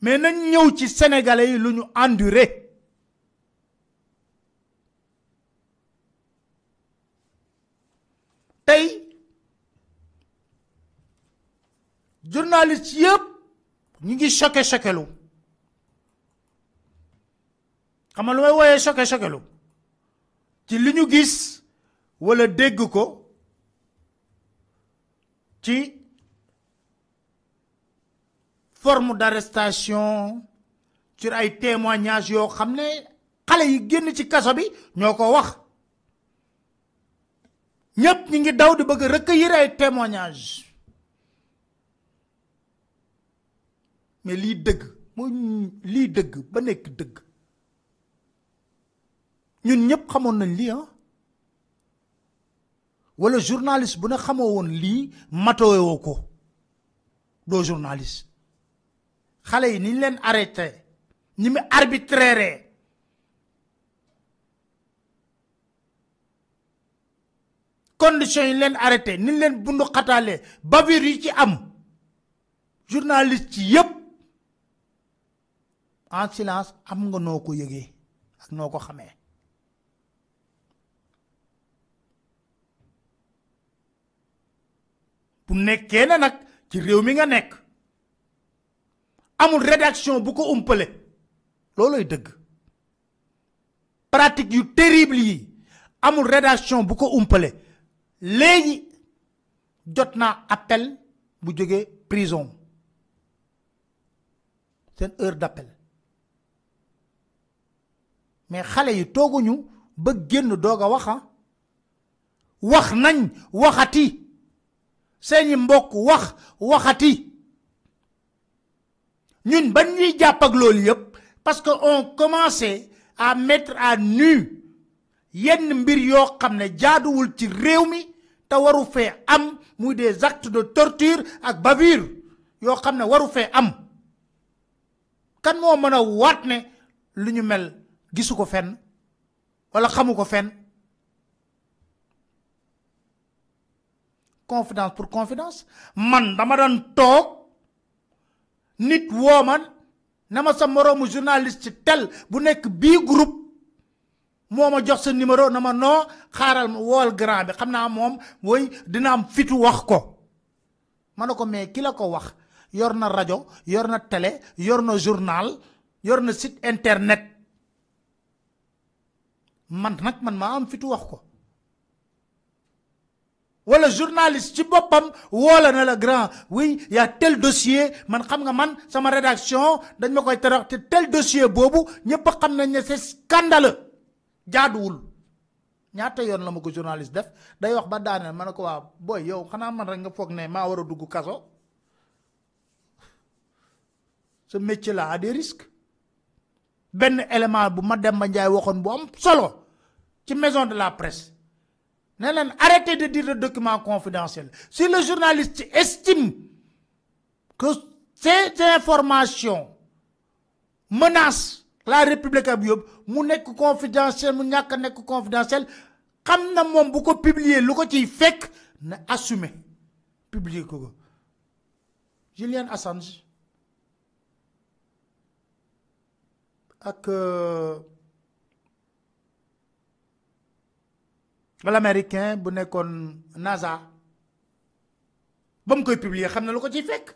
mais nañ ñëw ci sénégalais yi lu ñu enduré tey journaliste yëpp ñu ngi choqué choqué lu xam nga lu may wooyee choqué choqué lu ci li ñu gis walla dégg ko ci forme d'arrestation sur ay témoignages yo xamné xalé yi génn ci kasso bi ñoko wax ñepp ñi ngi daw di bëgg recueillir ay témoignages mais li dëgg mo li dëgg ba nek dëgg ñun ñepp xamoon nañ li ah wala journaliste bu ne xamoo woon lii matowoo ko doo journaliste xale yi ni leen arrêté ni mu arbitraire conditions yi leen arrêté ni leen bundu xataalee bavure yi ci am journaliste ci yépp en silence am nga noo ko yëgee ak noo ko xamee bu nekkee na nag ci réew mi nga nekk amul rédaction bu ko umpale loolooy pratique yu terrible yi amul rédaction bu ko umpale léegi jot appel bu joggé prison seen heure d'appel mais xalé yi toguñu ba génn doog waxa ah. wax nañ waxati seeni mbokk wax waxati ñun ba ñuy jàpp ak loolu yëpp parce que on commencé à mettre à nu yenn mbir yoo xam ne jaaduwul ci réew mi te waru fee am muy des actes de torture ak bavure yoo xam ne waru fee am kan moo mën a waat ne lu ñu mel gisu ko fenn wala xamu ko fenn confidence pour confidence man dama daan toog nit woo ma na ma sa moroomu journaliste tel bu nekk bii group moo ma jox sa numéro na ma noo xaaral ma wool grand bi xam naa moom woy dina am fitu wax ko ma ne ko mais ki ko wax yor na rajo yor na tele yor na journal yor na sit internet man nag man maa am fitu wax ko wala journaliste ci boppam woola na le grand oui il y a tel dossier man xam nga man sama rédaction dañ ma koy terax te tel dossier bobu ñepp xam nañ ne c'est scandaleux Jaadul. ñaata yoon la ma ko journaliste def day wax ba daaneel man ko wa boy yow xana man rek nga fogg ne ma wara dugg kasso. ce métier là a des risques Ben, élément bu ma dem ba njaay waxoon bu am solo ci maison de la presse arrêtez de dire le document confidentiel si le journaliste estime que cette information menace la république à mon mu confidentiel mon ñàkk nek confidentiel comme na avons beaucoup publié publier lu ko assumer publier Julian Assange ak. Euh, l'américain bu nekkoon NASA ba mu koy publier xam na lu ko ciy fekk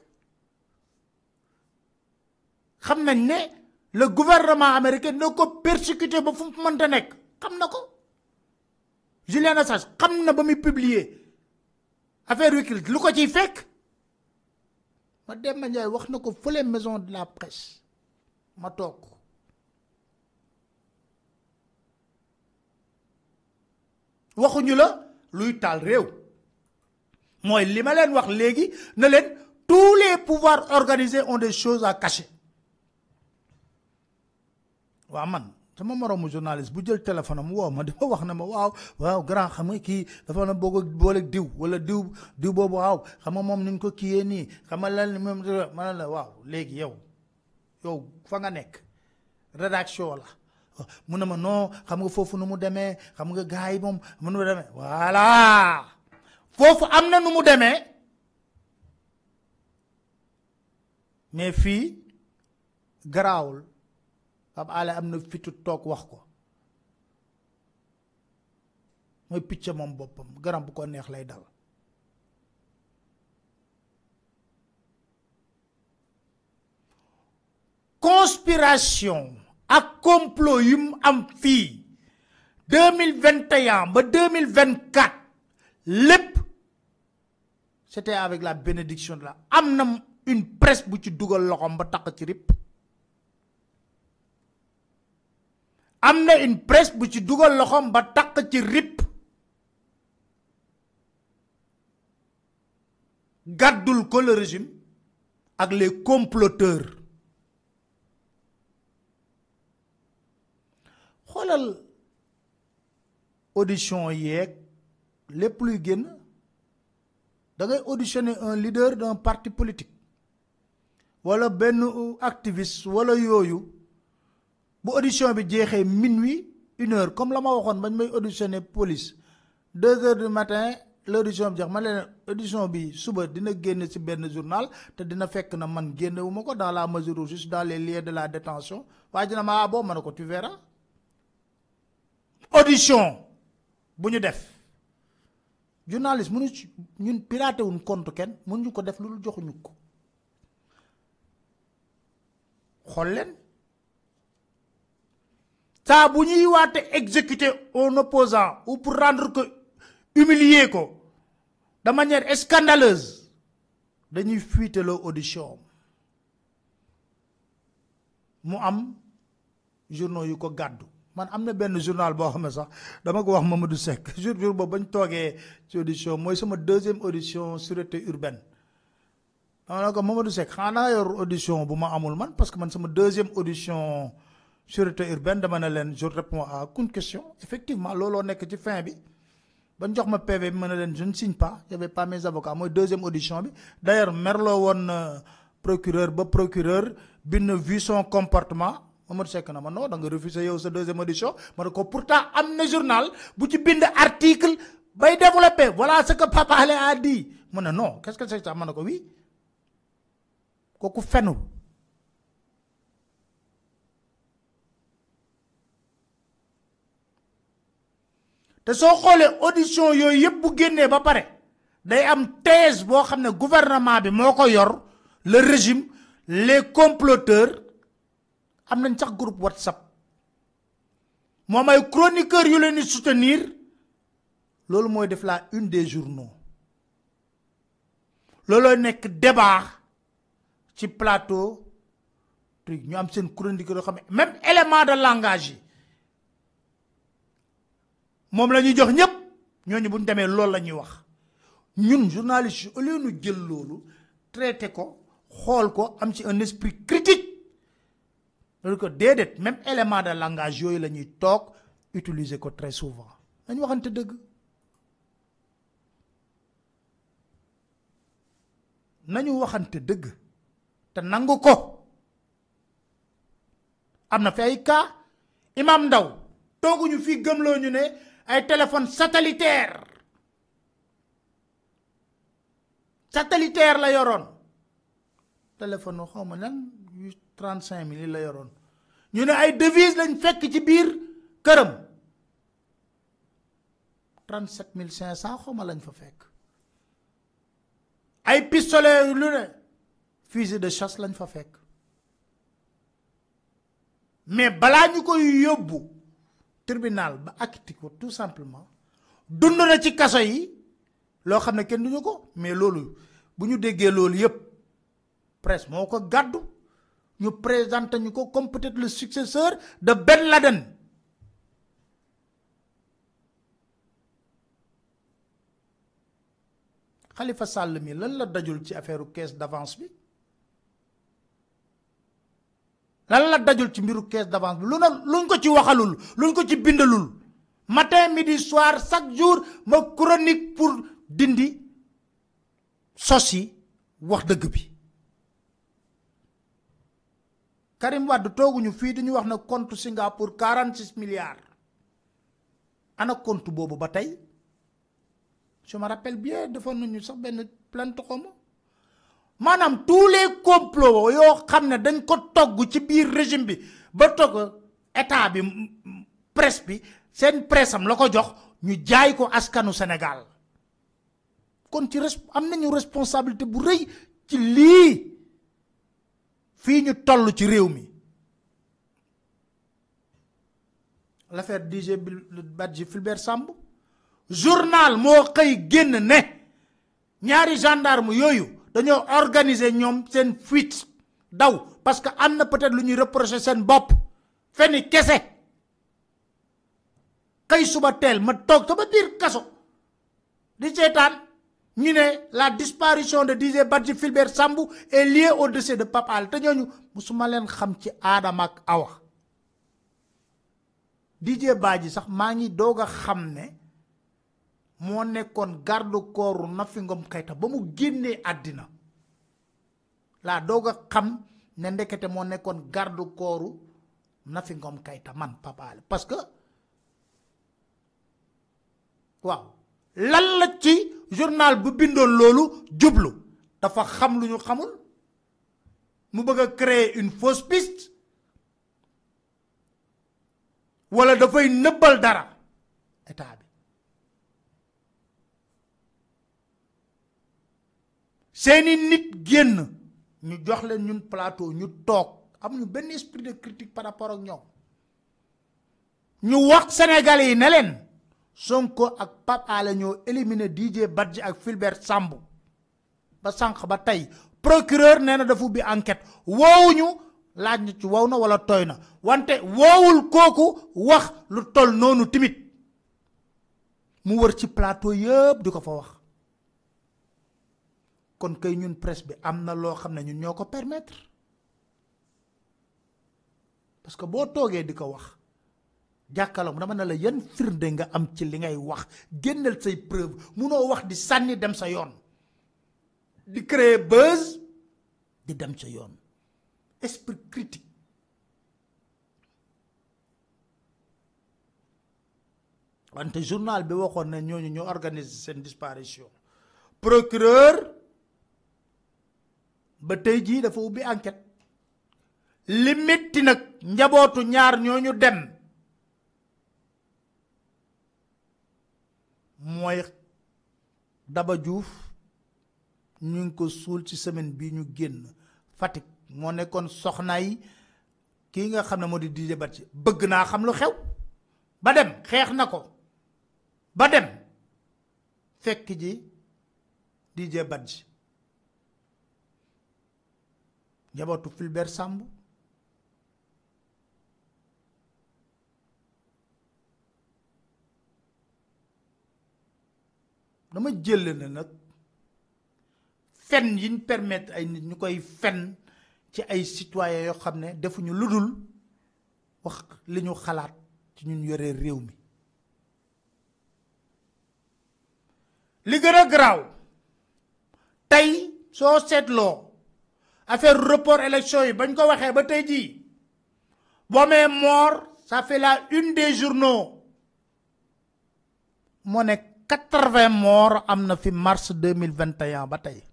xam nañ ne le gouvernement américain dina ko persécuté ba fu mu mënta nekk xam na ko Julian Assange xam na ba muy publier affaire Wikileaks lu ko ciy fekk ma Demba Ndiaye wax na ko fële maison de la presse ma toog waxuñu la luy tal réew mooy li wax na leen tous les pouvoirs organisés ont des choses à cacher wa man sama moroomu journaliste bu jël téléphone am woo ma wax ma grand xam nga kii dafa na diw wala diw diw boobu ko ne la yow yow fa nga rédaction la mu ne ma noo xam nga foofu nu mu demee xam nga gars yi moom mu nu mu demee voilà foofu am na nu mu demee mais fii garaawul ab Alé am na fitu toog wax ko mooy picc moom boppam garam bu ko neex lay dal conspiration ak complot yum am 2021 ba 2024 lepp c'était avec la bénédiction de la am une presse bu ci dougal loxom ba tak ci rip amna une presse bu ci dougal loxom ba tak ci rip gàddul ko le régime ak les comploteurs xoolal audition yeeg lépp luy génn da ngay auditionner un leader d'un parti politique wala benn activiste wala yooyu bu audition bi jeexee minuit une heure comme la ma waxoon bañ may auditionner police deux heures du matin l'audition bi jeex ma leen audition bi suba dina génn ci benn journal te dina fekk na man génnewuma ko dans la mesure où juste dans les lieux de la détention waaye dina ma ah bon tu verras audition bu def journaliste mënu ci ñun pirater wuñ compte ken, ko def lu joxuñu ko xol leen saa bu exécuter opposant ou pour rendre que ko de manière scandaleuse dañuy le audition mu am journaux yu ko gàddu man am na benn journal boo xam ne sax dama ko wax Mamadou Seck jour jour boobu bañ ñu toogee ci audition mooy sama deuxième audition sûreté urbaine dama ne ko Mamadou Seck xanaa yor audition bu ma amul man parce que man sama deuxième audition sûreté urbaine dama ne leen je réponds à une question effectivement looloo nekk ci fin bi bañ jox ma PV bi ma ne leen je ne signe pas y avait pas mes avocats mooy deuxième audition bi d' ailleurs merloo woon euh, procureur ba procureur bi vu son comportement. Omar dit na non da deuxième audition ma ko pourtant journal bu ci bind article bay développer. voilà ce que Papa a dit non qu'est-ce que c'est ça man ko oui audition bu ba day am thèse bo xamné gouvernement bi le régime les comploteurs am nañ groupe whatsapp Moi, ay chroniqueur yu leni soutenir lolou que def la une des journaux lolou nek débat ci plateau truc ñu am sen chroniqueur même élément de langage mom moom jox ñep ñoñu buñu démé lolou lañuy wax ñun journaliste au lieu jël traité ko un esprit critique que même élément de langage nous lañuy tok utiliser ko très souvent dañu Nous deug. nañu waxante ko imam ndaw toguñu nous avons ñu ay téléphone satellitaire satellitaire la yoron. téléphone xaw lan la ñu ne ay devise lañ fekk ci biir këram 37500 xaw ma lañ fa fekk ay pistolet lu ne fusil de chasse lañ fa fekk mais balaa ñu koy yóbbu tribunal ba acquitté ko tout simplement dund na ci kaso yi loo xam ne kenn duñu ko mais loolu bu ñu déggee loolu yépp presse moo ko gàddu ñu présenté ñu ko comme peut-être le successeur de Ben Laden xalifa Sall mi lan la dajul ci affaire caisse d'avance bi lan la dajul ci mbiru caisse d'avance bi lu ne luñ ko ci waxalul luñ ko ci bindalul matin midi soir chaque jour ma chronique pour dindi sos yi wax dëgg bi Karim Wade ñu fii di ñu wax na compte Singapour 46 milliards ana compte boobu ba tey je me rappelle bien defoon nañu sax benn plante xawma maanaam tous les complots yoo xam ne dañ ko togg ci biir régime bi ba togg état bi presse bi seen presse am la ko jox ñu jaay ko askanu Sénégal kon ci am nañu responsabilité bu rëy ci lii Fini ñu toll ci réew mi l'affaire DG Badji Filbert Sambou journal mo xey genn ne ñaari gendarme yooyu dañoo organiser ñoom seen fuite daw parce que am na peut-être lu ñuy reprocher seen bopp feni kese xëy suba teel ma toog sama biir kaso di seetaan la disparition de DJ Badji Filbert Sambou est liée au décès de Papa Al. te ñooñu musuma leen xam awa DJ Badji sax maa ngi doog a xam ne moo nekkoon garde corps Nafingom Ngom ba mu génnee àddina doog a xam ne ndekete garde corps man Papal parce que lan la ci journal bu bindoon loolu jublu dafa xam lu ñu xamul mu bëgg a créer une fausse piste wala dafay nëbbal dara état bi seeni nit génn ñu jox leen ñun plateau ñu toog amuñu benn esprit de critique par rapport ak ñoom ñu wax Sénégalais yi ne leen Sonko ak Pape Alé ñoo éliminé DJ Badji ak Fulbert Sambou ba sànq ba tey procureur nee na dafa ubbi enquête woowuñu laaj na ci wow na wala tooy na wante woowul kooku wax lu tol noonu timit mu wër ci plateau yëpp di ko fa wax kon kay ñun presse bi am na loo xam ne ñun ñoo ko permettre parce que boo toogee di ko wax jàkkalam dama ne la yan firnde nga am ci li ngay wax génnal say preuve munoo wax di sànni dem sa yoon di créer buzz di dem sa yoon esprit critique wante journal bi waxoon na ñooñu ñu organiser seen disparition procureur ba tey jii dafa ubbi enquête limite nag njabootu ñaar ñooñu dem mooy Daba juuf ñu ngi ko suul ci semaine bi ñu génn Fatick moo nekkoon soxna yi kii nga xam ne moo di Didier Badji bëgg naa xam lu xew ba dem xeex na ko ba dem fekk ji Didier Badji njabootu Fulbert Sambou dama jël na nag fen ñu permettre ay nit ñu koy fen ci ay citoyens yoo xam ne defuñu lu dul wax li ñu xalaat ci ñun yore réew mi li gën a garaaw tey soo seetloo affaire report élection yi bañ ko waxee ba tey jii boo mee moor ça fait la une des journaux moo nekk 80 morts ont fi mars 2021 en Bataille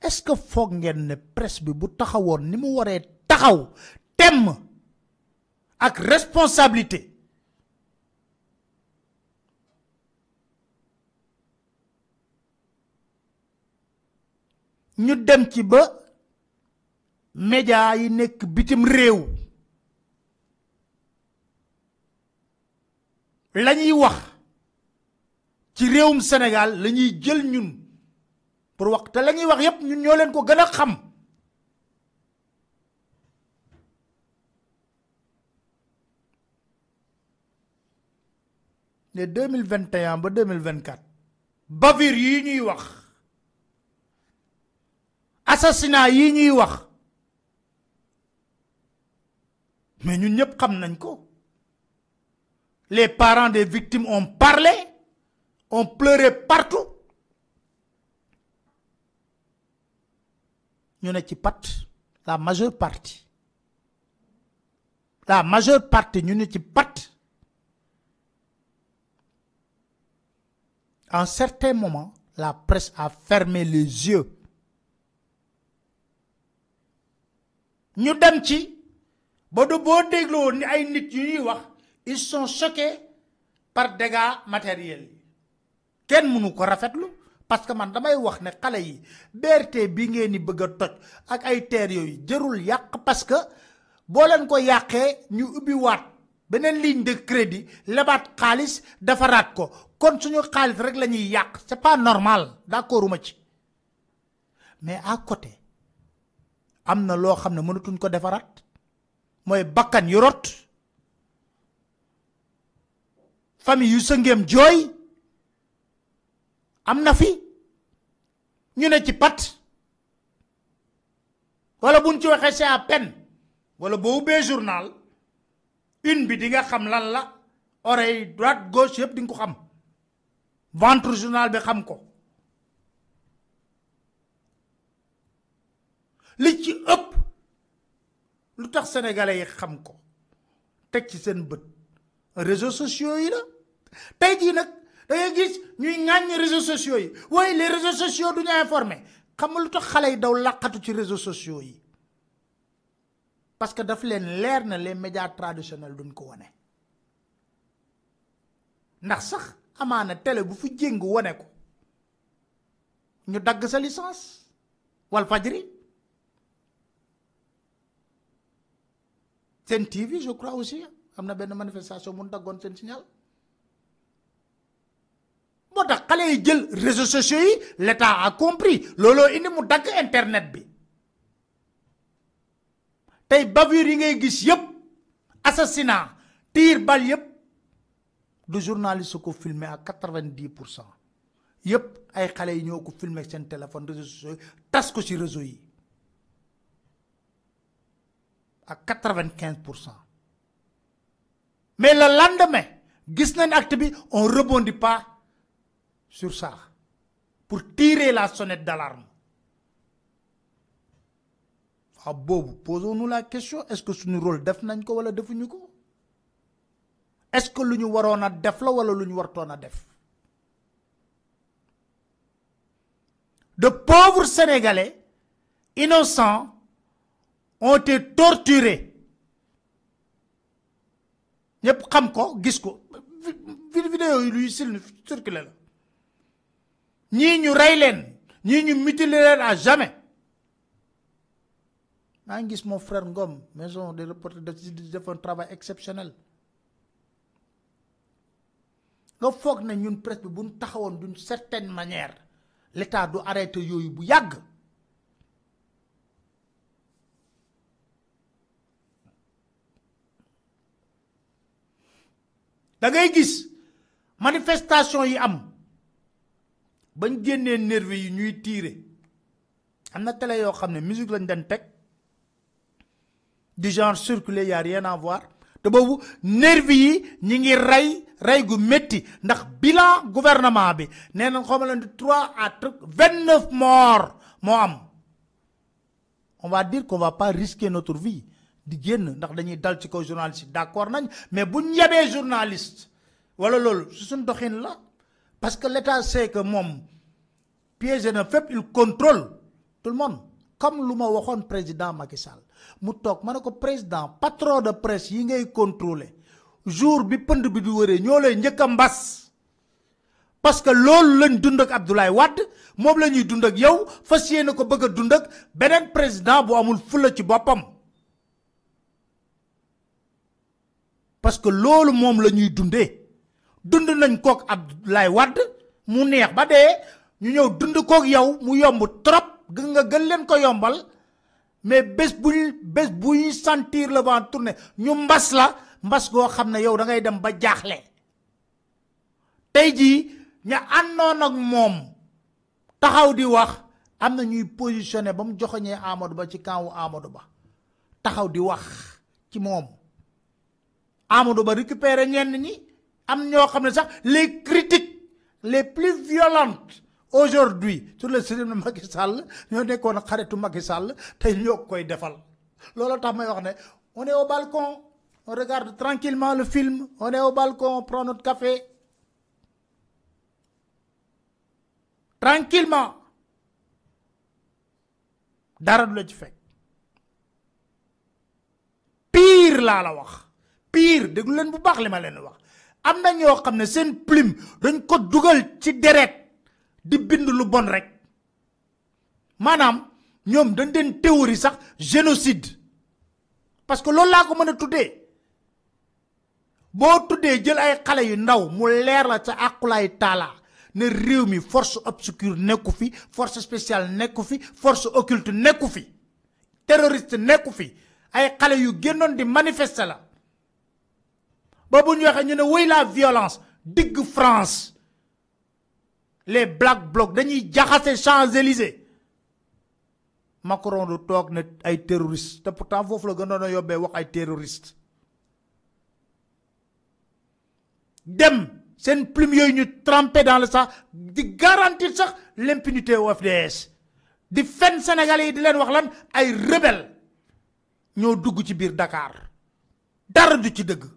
est-ce que foog ne presse bi bu taxawoon ni mu ak responsabilité ñu dem ci ba média yi bitim lañuy wax ci réewum sénégal lañuy jël ñun pour wax te lañuy wax yépp ñun ñoo leen ko gën a xam ne 2021 ba 2024 bavir yi ñuy wax assassinat yi ñuy wax mais ñun ñëpp xam nañ ko les parents des victimes ont parlé, ont pleuré partout. Nous ne ci pat la majeure partie la majeure partie nous ne pas pat en certains moments la presse a fermé les yeux Nous sommes ci Si du boo ni ay ils sont choqués par dégâts matériels yi kenn mënu ko rafetlu parce que man damay wax ne xale yi BRT bi ngeen di bëgg a toj ak ay teer yooyu jërul yàq parce que boo leen ko yàqee ñu ubbi waat beneen ligne de crédit lebaat xaalis defaraat ko kon suñu xaalis rek la ñuy yàq c'est pas normal d'accorduma ci mais à côté am na loo xam ne mënatuñ ko defaraat mooy bakkan yu famille yu sëngeem jooy am na fi ñu ne ci pat wala buñ ci waxee c'est à peine wala boo ubbee journal une bi dinga xam lan la oreille droite gauche yëpp di ko xam ventre journal bi xam ko li ci ëpp lu tax sénégalais yi xam ko teg ci seen bët réseaux sociaux yi la tey jii nag da gis ñuy ŋàññ réseaux sociaux yi waaye les réseaux sociaux duñu informé xam nga lu tax xale yi daw làqatu ci réseau sociaux yi parce que daf leen leer na leen médias traditionnels duñ ko wane ndax sax amaana télé bu fi jéng wane ko ñu dagg sa licence wal fajri seen TV je crois aussi am na benn manifestation mun daggoon seen signal moo tax xale yi jël réseaux sociaux yi l'état a compris looloo indi mu dagg internet bi tey bavure yi ngay gis assassinat tir, bal yep, du journaliste ko filmé à 90% Yep, pour cent yépp ay xale yi ñoo ko filmé téléphone réseaux sociaux yi tas ko ci réseau yi à 95% pour cent mais le lendemain gis nañ acte bi on rebondit pas sur ça pour tirer la sonnette d'alarme Ah bon, posons-nous la question est-ce que suñu rôle def nañ ko wala defuñu ko est-ce que luñu warona def la wala luñu wartona a def de pauvres Sénégalais innocents ont été torturés ñep xam ko gis ko vidéo yi luy circulé la ni ñu rey leen nous ñu à jamais maa ngi mon frère Ngom maison des reporters di def un travail exceptionnel nga foog na ñun presse bi bu d'une certaine manière l'état du arrêté yooyu bu yàgg da gis manifestation yi am bañ génné nervi yi ñuy tiré amna télé yo xamné musique lañ daan teg du genre circuler y a rien à voir te bobu nervi yi ñi ngi ray ray gu metti ndax bilan gouvernement bi nénañ na xawma leen à 29 morts mo am on va dire qu'on va pas risquer notre vie di génn ndax dañuy dal ci ko journaliste d'accord nañ mais buñ yebee journaliste wala loolu su sun doxine la parce que l'État sait que moom piégé na fépp il contrôle tout le monde comme lu ma waxoon président Macky Sall mu toog ma ne ko président patron de presse yi ngay contrôler jour bi pënd bi di wëree ñoo lay njëkk a mbas parce que loolu lañ dund ak Abdoulaye Wade moom la ñuy dund ak yow fas yéene ko bëgg a dund ak beneen président bu amul fulla ci boppam parce que loolu moom la ñuy dundee dund nañ kook Abdoulaye wad mu neex ba dee ñu ñew dund kook yow mu yomb trop gën nga gën leen ko yombal mais bes bu bes bu sentir le vent tourner ñu mbass la mbass go xamne yow da ngay dem ba jaxlé tay ji ña annon ak mom taxaw di wax amna ñuy positionner bam mu amadou ba ci kanu amadou ba taxaw di wax ci mom amadou ba récupérer ñen ñi les critiques les plus violentes aujourd'hui sur le système de Macky Sall ñoo nekkoon xaritu Macky Sall tey ñoo koy defal loolu tax on est au balcon on regarde tranquillement le film on est au balcon on prend notre café tranquillement dara du la pire là, la wax pire déglu leen bu baax li ma leen amna ñoo ne seen plume dañ ko dugal ci deret di bind lu bon rek manam dañ théorie sax génocide parce que loolu laa ko mën a tuddee boo tuddee jël ay xale yu ndaw mu leer la ca àqulaay taala ne réew force obscure nekku fi force spéciale nekku fi force occulte nekku fi terroriste nekku fi ay xale yu génnoon di manifester ba bu ñu waxee ñu ne wéy la violence digg France les black blocs dañuy jaxase Champs-Élysées Macron du toog ne ay terroriste te pourtant foofu la gënoon a yóbbee wax ay terroriste dem seen plume yooyu ñu trempé dans le sax di garantir sax l'impunité au FDS di fen Sénégalais yi di leen wax lan ay rebelle ñoo dugg ci biir Dakar dara du ci dëgg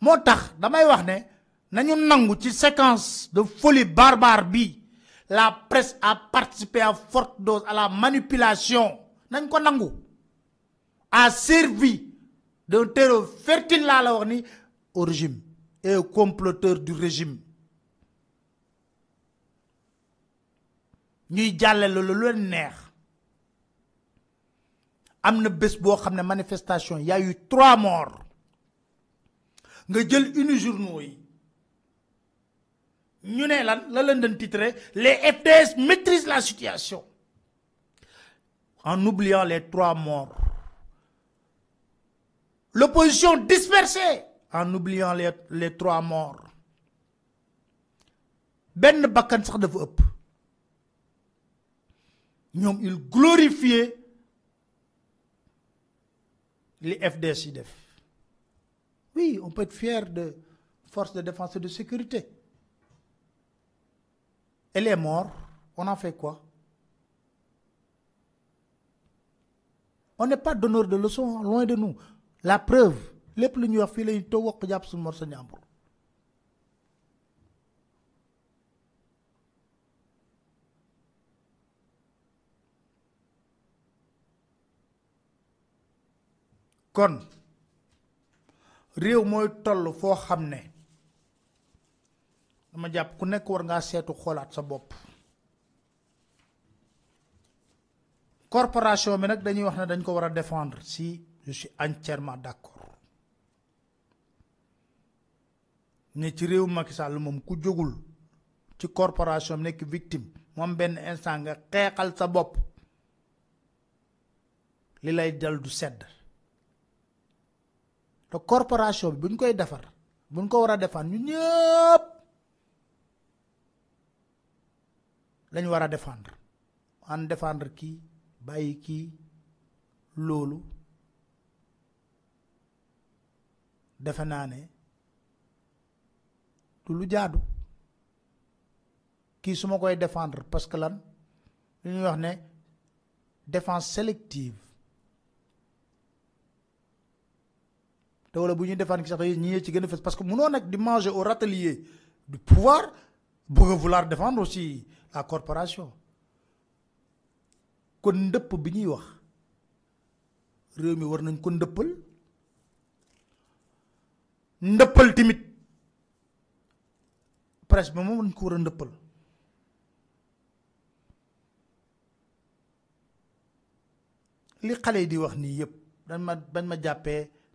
motax damay wax ne nañu nangu ci séquence de folie barbare bi la presse a participé à forte dose à la manipulation nañ ko nangu a servi d'un terreau fertile la wax ni au régime et aux comploteurs du régime ñuy jàlle lo lo leen neex amna na bo boo manifestation y a eu trois morts nga jël une journée. Nous, ñu la les FDS maîtrisent la situation en oubliant les trois morts l'opposition dispersée en oubliant les trois morts ben bakkan sax dafa il glorifier les FDS yi oui, on peut être fier de forces de défense et de sécurité. Elle est morte, on en fait quoi On n'est pas donneur de leçons, loin de nous. La preuve, les plus nous filé une towa kujab sur réew mooy toll foo xam ne dama jàpp ku nekk war ngaa seetu xoolaat sa bopp corporation bi nag dañuy wax ne dañ ko war a defendre si je suis entièrement d'accord ne ci réew Macky Sall moom ku jógul ci corporation bi nekk victime moom benn instant nga xeexal sa bopp li lay dal du sedd te corporation bi bu ñu koy defar bu ñu ko war a defar ñu ñëpp lañu war a defendre en defendre kii bàyyi kii loolu defe naa ne du lu jaadu kii su ma koy defendre parce que lan lu ñuy wax ne défense sélective wala bu ñuy defaan ki sax ñi ci gën a fës parce que mënoo nag di manger au râtelier du pouvoir bëgg a vouloir défendre aussi la corporation kon ndëpp bi ñuy wax réew mi war nañ ko ndëppal ndëppal timit presse bi moom ko war a ndëppal li xale di wax nii yëpp dañ ma bañ ma jàppee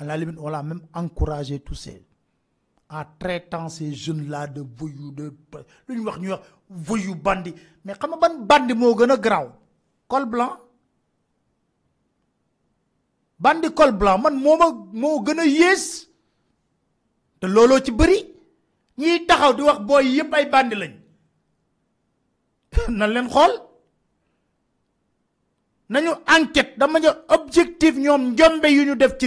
on a même encouragé tous ces, en traitant ces jeunes-là de voyous, de, voyous bandits. mais comment ban bandit moo col blanc bandit col blanc man moo mo moo yes, de ci taxaw di wax boy ay bandi lañ na nañu enquête dama ñu objectif ñom yu ñu def ci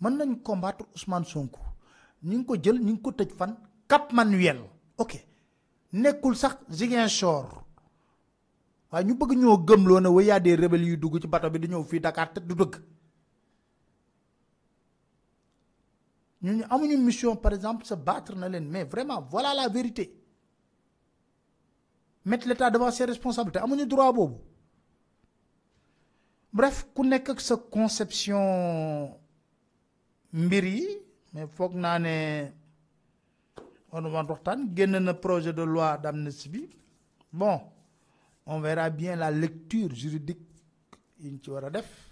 Nous nañ combattre Ousmane Sonko ñu ngi ko jël fan Cap Manuel ok nekul sax Chor wa ñu bëgg ñoo ne waya des rebelles dugg ci bato bi di Dakar mission par exemple se battre na mais vraiment voilà la vérité mettre l'État devant ses responsabilités amuñu droit bref ku nekk ak sa conception Mbiri, mais foog naa ne on va waxtaan na projet de loi d'amnistie bon on verra bien la lecture juridique yi